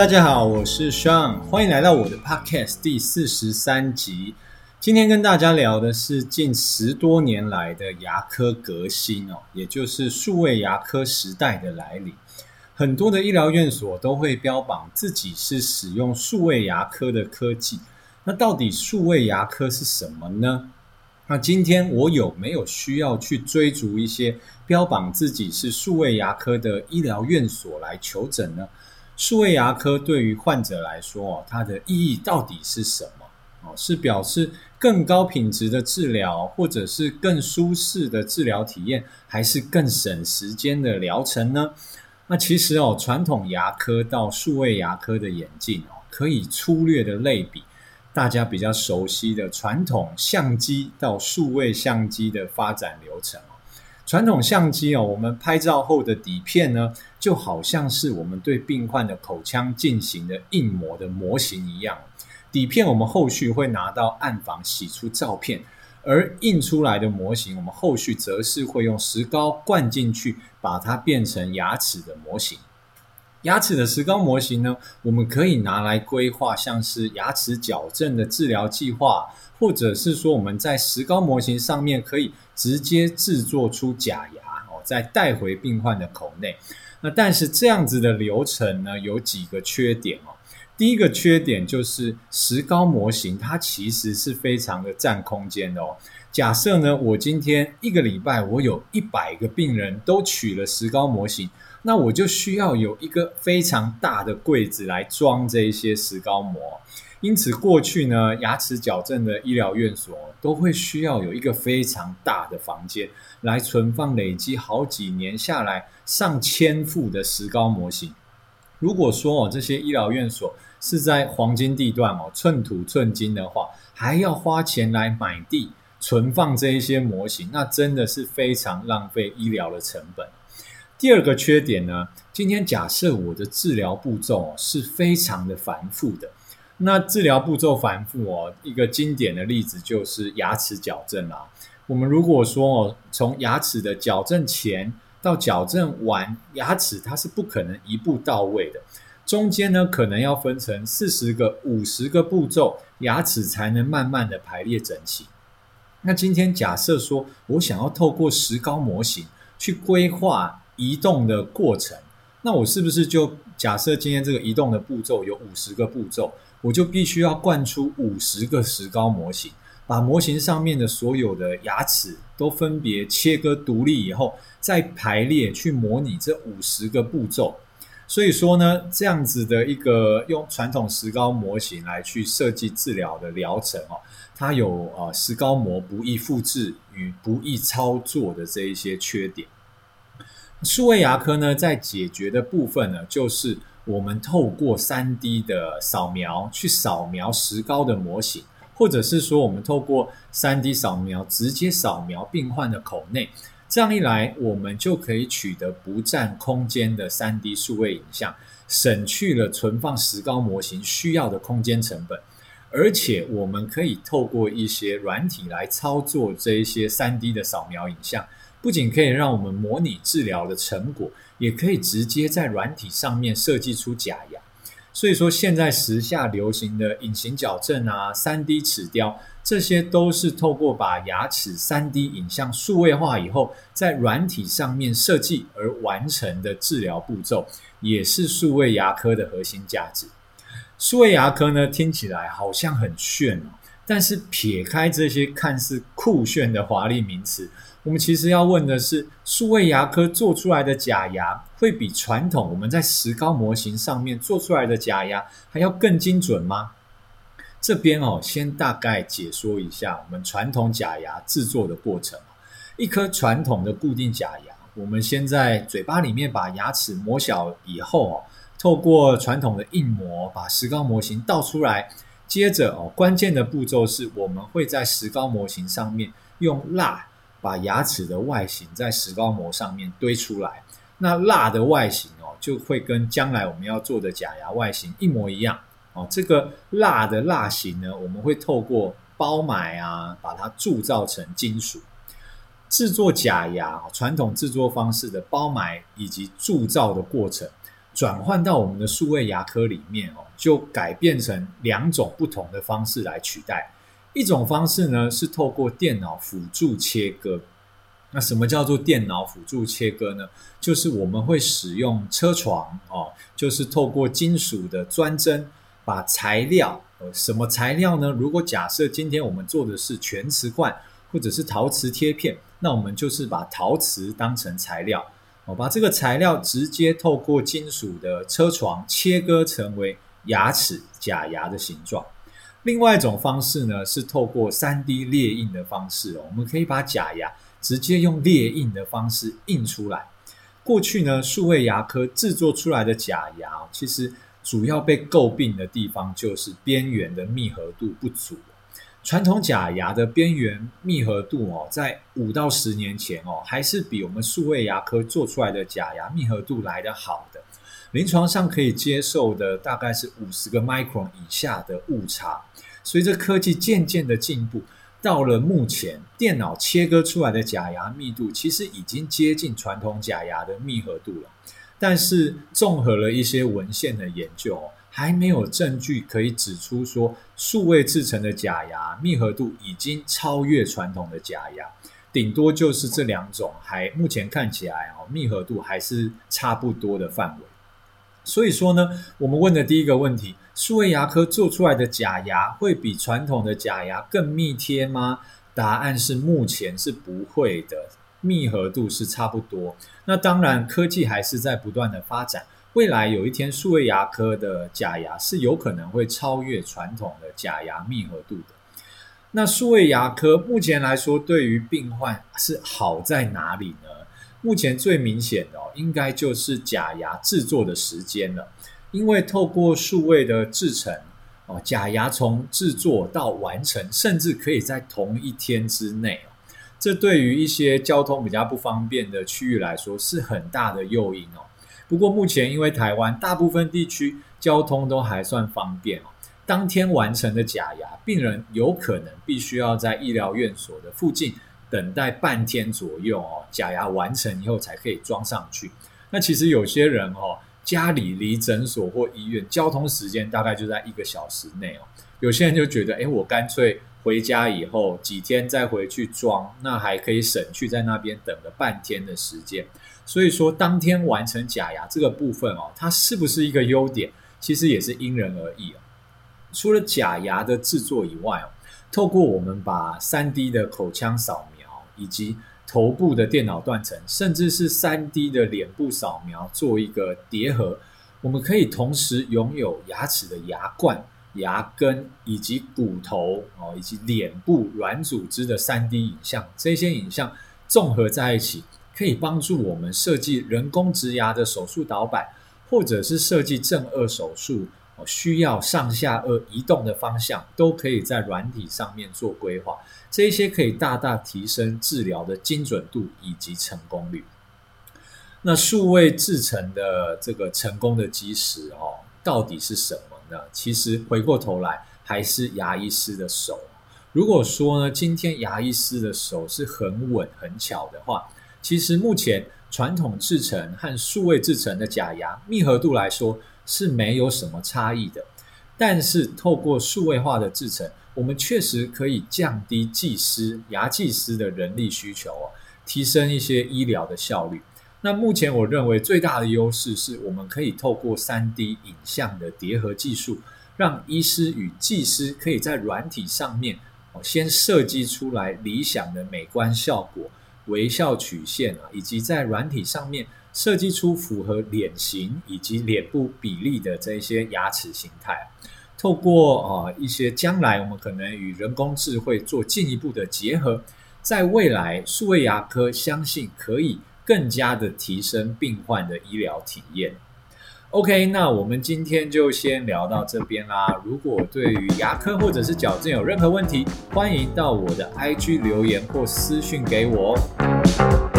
大家好，我是 Sean，歡迎來到我的 podcast 第四十三集。今天跟大家聊的是近十多年來的牙科革新哦，也就是數位牙科時代的來臨。很多的醫療院所都會標榜自己是使用數位牙科的科技。那到底數位牙科是什麼呢？那今天我有沒有需要去追逐一些標榜自己是數位牙科的醫療院所來求診呢？數位牙科對於患者來說，它的意義到底是什麼？哦，是表示更高品質的治療，或者是更舒適的治療體驗，還是更省時間的療程呢？那其實哦，傳統牙科到數位牙科的演進哦，可以粗略的類比大家比較熟悉的傳統相機到數位相機的發展流程。傳統相機哦，我們拍照後的底片呢，就好像是我們對病患的口腔進行的印模的模型一樣，底片我們後續會拿到暗房洗出照片，而印出來的模型我們後續則是會用石膏灌進去，把它變成牙齒的模型。牙齒的石膏模型呢，我們可以拿來規劃像是牙齒矯正的治療計劃，或者是說我們在石膏模型上面可以直接制作出假牙哦，再帶回病患的口內。那但是這樣子的流程呢，有幾個缺點哦。第一個缺點就是石膏模型它其實是非常的佔空間的哦。假設呢，我今天一個禮拜我有一百個病人都取了石膏模型，那我就需要有一個非常大的櫃子來裝這一些石膏模。因此，過去呢，牙齒矯正的醫療院所哦，都會需要有一個非常大的房間來存放累積好幾年下來上千副的石膏模型。如果說哦，這些醫療院所是在黃金地段哦，寸土寸金的話，還要花錢來買地存放這一些模型，那真的是非常浪費醫療的成本。第二個缺點呢，今天假設我的治療步驟哦，是非常的繁複的。那治療步驟繁複哦，一個經典的例子就是牙齒矯正啦、啊。我們如果說哦，從牙齒的矯正前到矯正完，牙齒它是不可能一步到位的，中間呢可能要分成四十個、五十個步驟，牙齒才能慢慢地排列整齊。那今天假設說我想要透過石膏模型去規劃移動的過程，那我是不是就假設今天這個移動的步驟有五十個步驟？我就必須要灌出五十個石膏模型，把模型上面的所有的牙齒都分別切割獨立以後，再排列去模擬這五十個步驟。所以說呢，這樣子的一個用傳統石膏模型來去設計治療的療程哦，它有呃石膏模不易複製與不易操作的這一些缺點。數位牙科呢，在解決的部分呢，就是。我們透過 3D 的掃描去掃描石膏的模型，或者是說我們透過 3D 掃描直接掃描病患的口內，這樣一來，我們就可以取得不佔空間的 3D 數位影像，省去了存放石膏模型需要的空間成本，而且我們可以透過一些軟體來操作這一些 3D 的掃描影像。不僅可以讓我們模擬治療的成果，也可以直接在軟體上面設計出假牙。所以說，現在時下流行的隱形矯正啊、3D 齒雕，這些都是透過把牙齒 3D 影像數位化以後，在軟體上面設計而完成的治療步驟，也是數位牙科的核心價值。數位牙科呢，聽起來好像很炫，但是撇開這些看似酷炫的華麗名詞。我們其實要問的是，數位牙科做出來的假牙會比傳統我們在石膏模型上面做出來的假牙還要更精準嗎？這邊哦，先大概解說一下我們傳統假牙制作的過程。一顆傳統的固定假牙，我們先在嘴巴裡面把牙齒磨小以後哦，透過傳統的印模把石膏模型倒出來，接着哦，關鍵的步驟是我們會在石膏模型上面用蠟。把牙齒的外形，在石膏模上面堆出來，那蠟的外形哦，就會跟將來我們要做的假牙外形一模一樣哦。這個蠟的蠟型呢，我們會透過包埋啊，把它鑄造成金屬製作假牙。傳統製作方式的包埋以及鑄造的過程，轉換到我們的數位牙科裡面哦，就改變成兩種不同的方式來取代。一種方式呢是透過電腦輔助切割。那什麼叫做電腦輔助切割呢？就是我們會使用車床哦，就是透過金屬的鑽針把材料，呃，什麼材料呢？如果假設今天我們做的是全瓷冠或者是陶瓷貼片，那我們就是把陶瓷當成材料，哦，把這個材料直接透過金屬的車床切割成為牙齒假牙的形狀。另外一種方式呢，是透過 3D 列印的方式哦，我們可以把假牙直接用列印的方式印出來。過去呢，數位牙科制作出來的假牙哦，其實主要被詬病的地方就是邊緣的密合度不足。傳統假牙的邊緣密合度哦，在五到十年前哦，還是比我們數位牙科做出來的假牙密合度來得好。臨床上可以接受的大概是五十個 micron 以下的誤差。隨着科技漸漸的進步，到了目前，電腦切割出來的假牙密度其實已經接近傳統假牙的密合度了。但是，綜合了一些文獻的研究，還沒有證據可以指出說，數位制成的假牙密合度已經超越傳統的假牙。頂多就是這兩種，還，目前看起來哦，密合度還是差不多的範圍。所以說呢，我們問的第一個問題，數位牙科做出來的假牙會比傳統的假牙更密貼嗎？答案是目前是不會的，密合度是差不多。那當然，科技還是在不斷的發展，未來有一天數位牙科的假牙是有可能會超越傳統的假牙密合度的。那數位牙科目前來說，對於病患是好在哪裡呢？目前最明顯的，應該就是假牙製作的時間了，因為透過數位的製程，哦，假牙從製作到完成，甚至可以在同一天之內。這對於一些交通比較不方便的區域來說，是很大的誘因哦。不過目前因為台灣大部分地區交通都還算方便，當天完成的假牙，病人有可能必須要在醫療院所的附近。等待半天左右哦，假牙完成以後才可以裝上去。那其實有些人哦，家裡離診所或醫院交通時間大概就在一個小時內哦。有些人就覺得，哎，我乾脆回家以後幾天再回去裝，那還可以省去在那邊等了半天的時間。所以說，當天完成假牙這個部分哦，它是不是一個優點？其實也是因人而異哦。除了假牙的製作以外哦，透過我們把 3D 的口腔掃描。以及頭部的電腦斷層，甚至是 3D 的臉部掃描，做一個疊合，我們可以同時擁有牙齒的牙冠、牙根，以及骨頭哦，以及臉部軟組織的 3D 影像。這些影像綜合在一起，可以幫助我們設計人工植牙的手術導板，或者是設計正頜手術。需要上下顎移動的方向都可以在軟體上面做規劃，這一些可以大大提升治療的精準度以及成功率。那數位制程的這個成功的基石哦，到底是什麼呢？其實回過頭來還是牙醫師的手。如果說呢，今天牙醫師的手是很穩很巧的話，其實目前傳統制程和數位制程的假牙密合度來說，是沒有什麼差異的，但是透過數位化的製程，我們確實可以降低技師、牙技師的人力需求啊，提升一些醫療的效率。那目前我認為最大的優勢是，我們可以透過 3D 影像的疊合技術，讓醫師與技師可以在軟體上面哦，先設計出來理想的美觀效果、微笑曲線啊，以及在軟體上面。設計出符合臉型以及臉部比例的這些牙齒形態，啊，透過啊一些將來我們可能與人工智慧做進一步的結合，在未來數位牙科相信可以更加的提升病患的醫療體驗。OK，那我們今天就先聊到這邊啦。如果對於牙科或者是矯正有任何問題，歡迎到我的 IG 留言或私訊給我。